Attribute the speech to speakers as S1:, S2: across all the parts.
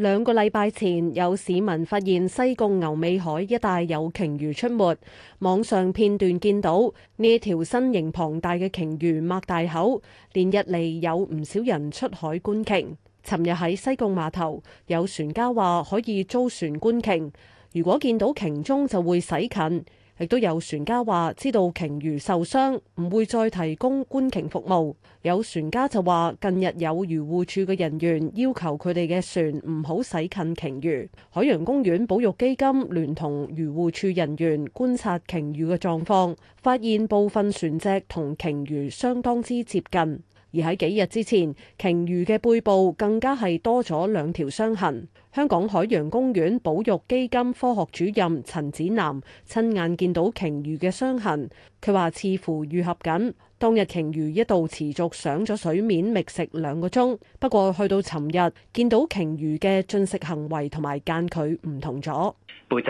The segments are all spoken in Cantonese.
S1: 兩個禮拜前，有市民發現西貢牛尾海一帶有鯨魚出沒。網上片段見到呢條身形龐大嘅鯨魚擘大口。連日嚟有唔少人出海觀鯨。尋日喺西貢碼頭，有船家話可以租船觀鯨，如果見到鯨蹤就會駛近。亦都有船家話知道鯨魚受傷，唔會再提供觀鯨服務。有船家就話，近日有漁護署嘅人員要求佢哋嘅船唔好駛近鯨魚。海洋公園保育基金聯同漁護署人員觀察鯨魚嘅狀況，發現部分船隻同鯨魚相當之接近。而喺幾日之前，鯨魚嘅背部更加係多咗兩條傷痕。香港海洋公園保育基金科學主任陳展南親眼見到鯨魚嘅傷痕，佢話似乎愈合緊。當日鯨魚一度持續上咗水面覓食兩個鐘，不過去到尋日，見到鯨魚嘅進食行為同埋間距唔同咗。
S2: 背脊，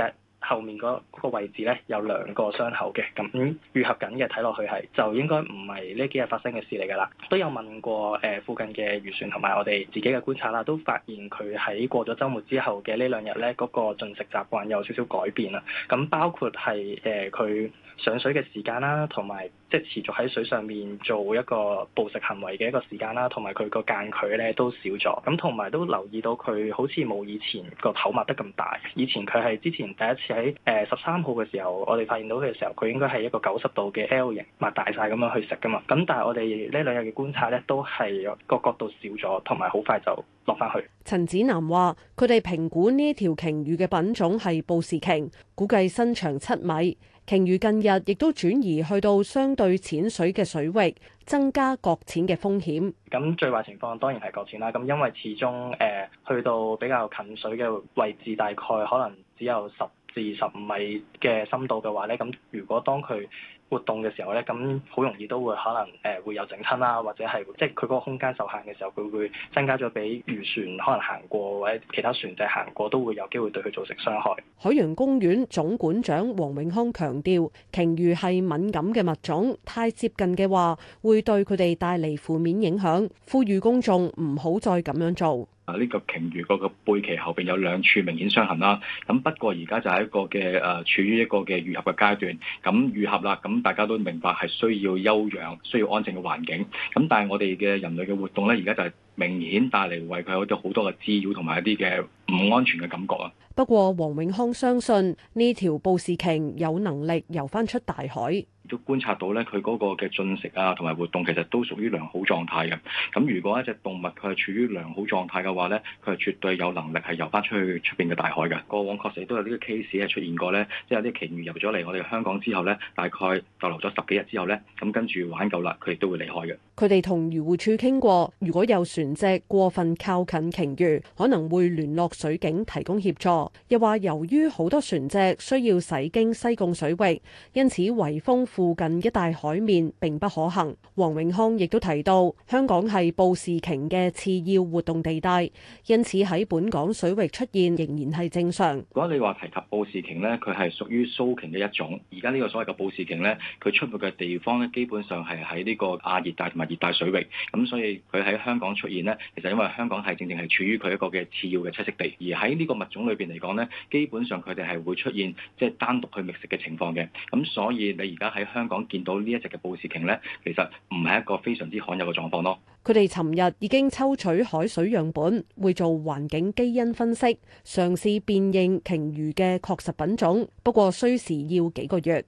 S2: 後面嗰個位置咧有兩個傷口嘅，咁咁愈合緊嘅，睇落去係就應該唔係呢幾日發生嘅事嚟㗎啦。都有問過誒、呃、附近嘅漁船同埋我哋自己嘅觀察啦，都發現佢喺過咗周末之後嘅呢兩日咧，嗰、嗰個進食習慣有少少改變啊。咁包括係誒佢上水嘅時間啦，同埋即係持續喺水上面做一個捕食行為嘅一個時間啦，同埋佢個間距咧都少咗。咁同埋都留意到佢好似冇以前個口擘得咁大，以前佢係之前第一次喺喺誒十三號嘅時候，我哋發現到佢嘅時候，佢應該係一個九十度嘅 L 型擘大晒咁樣去食㗎嘛。咁但係我哋呢兩日嘅觀察呢，都係個角度少咗，同埋好快就落返去。
S1: 陳子南話：佢哋評估呢條鯨魚嘅品種係布氏鯨，估計身長七米。鯨魚近日亦都轉移去到相對淺水嘅水域，增加擱淺嘅風險。
S2: 咁最壞情況當然係擱淺啦。咁因為始終誒、呃、去到比較近水嘅位置，大概可能只有十至十五米嘅深度嘅話咧，咁如果當佢活動嘅時候咧，咁好容易都會可能誒會有整親啦，或者係即係佢嗰個空間受限嘅時候，佢會增加咗俾漁船可能行過或者其他船隻行過，都會有機會對佢造成傷害。
S1: 海洋公園總管長黃永康強調，鯨魚係敏感嘅物種，太接近嘅話會對佢哋帶嚟負面影響，呼籲公眾唔好再咁樣做。
S3: 呢、啊呢個鯨魚嗰個背鰭後邊有兩處明顯傷痕啦。咁不過而家就係一個嘅誒、呃，處於一個嘅愈合嘅階段。咁愈合啦。咁大家都明白係需要休養、需要安靜嘅環境。咁但係我哋嘅人類嘅活動咧，而家就係、是。明顯帶嚟為佢有啲好多嘅滋擾同埋一啲嘅唔安全嘅感覺啊。
S1: 不過黃永康相信呢條布氏鯨有能力遊翻出大海。
S3: 亦都觀察到咧，佢嗰個嘅進食啊同埋活動其實都屬於良好狀態嘅。咁如果一隻動物佢係處於良好狀態嘅話咧，佢係絕對有能力係遊翻出去出邊嘅大海嘅。過往確實亦都有呢個 case 係出現過咧，即係有啲鯨魚遊咗嚟我哋香港之後咧，大概逗留咗十幾日之後咧，咁跟住玩夠啦，佢亦都會離開嘅。
S1: 佢哋同漁護署傾過，如果有船隻過分靠近鯨魚，可能會聯絡水警提供協助。又話由於好多船隻需要駛經西貢水域，因此圍封附近一帶海面並不可行。黃永康亦都提到，香港係布氏鯨嘅次要活動地帶，因此喺本港水域出現仍然係正常。如
S3: 果你話提及布氏鯨呢，佢係屬於鬚鯨嘅一種。而家呢個所謂嘅布氏鯨呢，佢出沒嘅地方咧，基本上係喺呢個亞熱帶同埋，熱帶水域，咁所以佢喺香港出現咧，其實，因為香港係正正係處於佢一個嘅次要嘅棲息地，而喺呢個物種裏邊嚟講咧，基本上佢哋係會出現即係單獨去覓食嘅情況嘅，咁所以你而家喺香港見到呢一隻嘅布氏鯨咧，其實唔係一個非常之罕有嘅狀況咯。
S1: 佢哋尋日已經抽取海水樣本，會做環境基因分析，嘗試辨認鯨魚嘅確實品種，不過需時要幾個月。